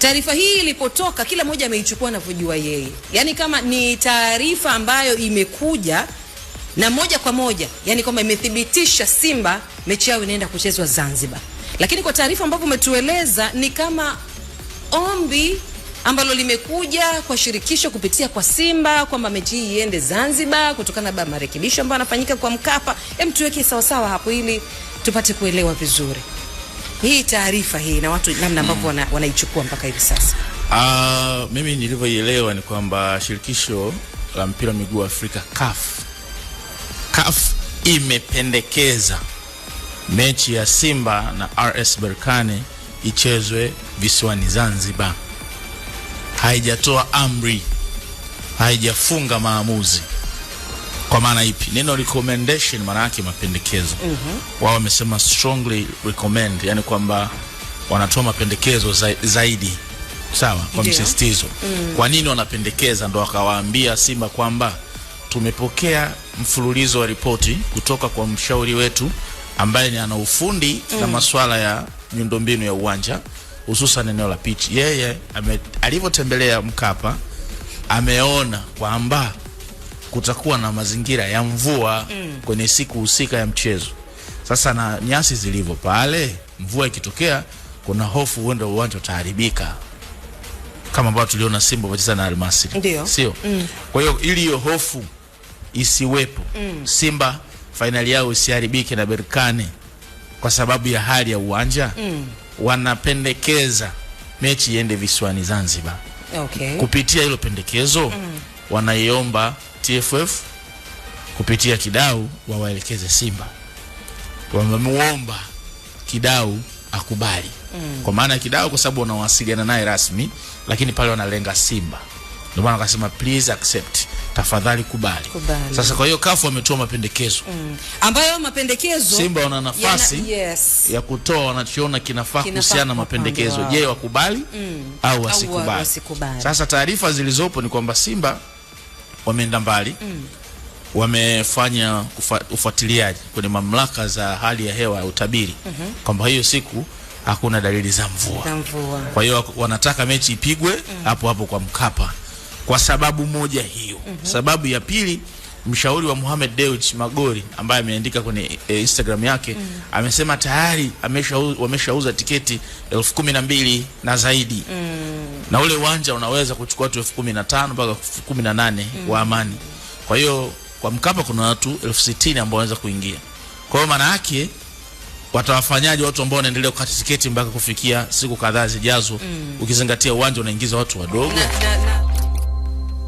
Taarifa hii ilipotoka, kila mmoja ameichukua anavyojua yeye, yaani kama ni taarifa ambayo imekuja na moja kwa moja, yani kwamba imethibitisha Simba mechi yao inaenda kuchezwa Zanzibar, lakini kwa taarifa ambavyo umetueleza ni kama ombi ambalo limekuja kwa shirikisho kupitia kwa Simba kwamba mechi hii iende Zanzibar kutokana na marekebisho ambayo yanafanyika kwa Mkapa. Hem, tuweke sawa sawa hapo ili tupate kuelewa vizuri hii taarifa hii na watu namna ambavyo mm. wanaichukua mpaka hivi sasa? Uh, mimi nilivyoielewa ni kwamba shirikisho la mpira wa miguu Afrika CAF CAF imependekeza mechi ya Simba na RS Berkane ichezwe visiwani Zanzibar. Haijatoa amri, haijafunga maamuzi. Kwa maana ipi? Neno recommendation maana yake mapendekezo. mm -hmm. Wao wamesema strongly recommend, yani kwamba wanatoa mapendekezo za, zaidi sawa, kwa msisitizo. mm. Kwa nini wanapendekeza? Ndo akawaambia Simba kwamba tumepokea mfululizo wa ripoti kutoka kwa mshauri wetu ambaye ni ana ufundi mm. na masuala ya miundombinu ya uwanja hususan eneo la pitch. Yeye alivyotembelea Mkapa ameona kwamba kutakuwa na mazingira ya mvua mm. kwenye siku husika ya mchezo. Sasa na nyasi zilivyo pale, mvua ikitokea, kuna hofu huenda uwanja utaharibika kama ambavyo tuliona Simba wacheza na Almasri, sio? mm. Kwa hiyo ili hiyo hofu isiwepo mm. Simba fainali yao isiharibike na Berkane kwa sababu ya hali ya uwanja mm. wanapendekeza mechi iende visiwani Zanzibar. Okay. Kupitia hilo pendekezo mm wanaiomba TFF kupitia Kidau wawaelekeze Simba. Wamemuomba Kidau akubali mm. Kwa maana Kidau kwa sababu wanawasiliana naye rasmi, lakini pale wanalenga Simba, ndio maana wakasema please accept, tafadhali kubali, kubali. Sasa kwa hiyo kafu wametoa mapendekezo mm. ambayo mapendekezo Simba wana nafasi yana, yes. ya kutoa wanachoona kinafaa kuhusiana na mapendekezo. Je, wakubali mm. au wasikubali? Sasa taarifa zilizopo ni kwamba Simba wameenda mbali mm. wamefanya ufuatiliaji kwenye mamlaka za hali ya hewa ya utabiri mm -hmm. kwamba hiyo siku hakuna dalili za mvua, mvua. Kwa hiyo wanataka mechi ipigwe mm. hapo hapo kwa Mkapa kwa sababu moja hiyo mm -hmm. sababu ya pili mshauri wa Mohamed Dewji Magori ambaye ameandika kwenye e, Instagram yake mm. amesema tayari wameshauza tiketi elfu kumi na mbili na zaidi mm. na ule uwanja unaweza kuchukua watu elfu kumi na tano mpaka elfu kumi na nane mm. wa Amani. Kwa hiyo kwa Mkapa kuna watu elfu sitini ambao wanaweza kuingia. Kwa hiyo maana yake watawafanyaje watu ambao wanaendelea kukata tiketi mpaka kufikia siku kadhaa zijazo mm. ukizingatia uwanja unaingiza watu wadogo na, na, na.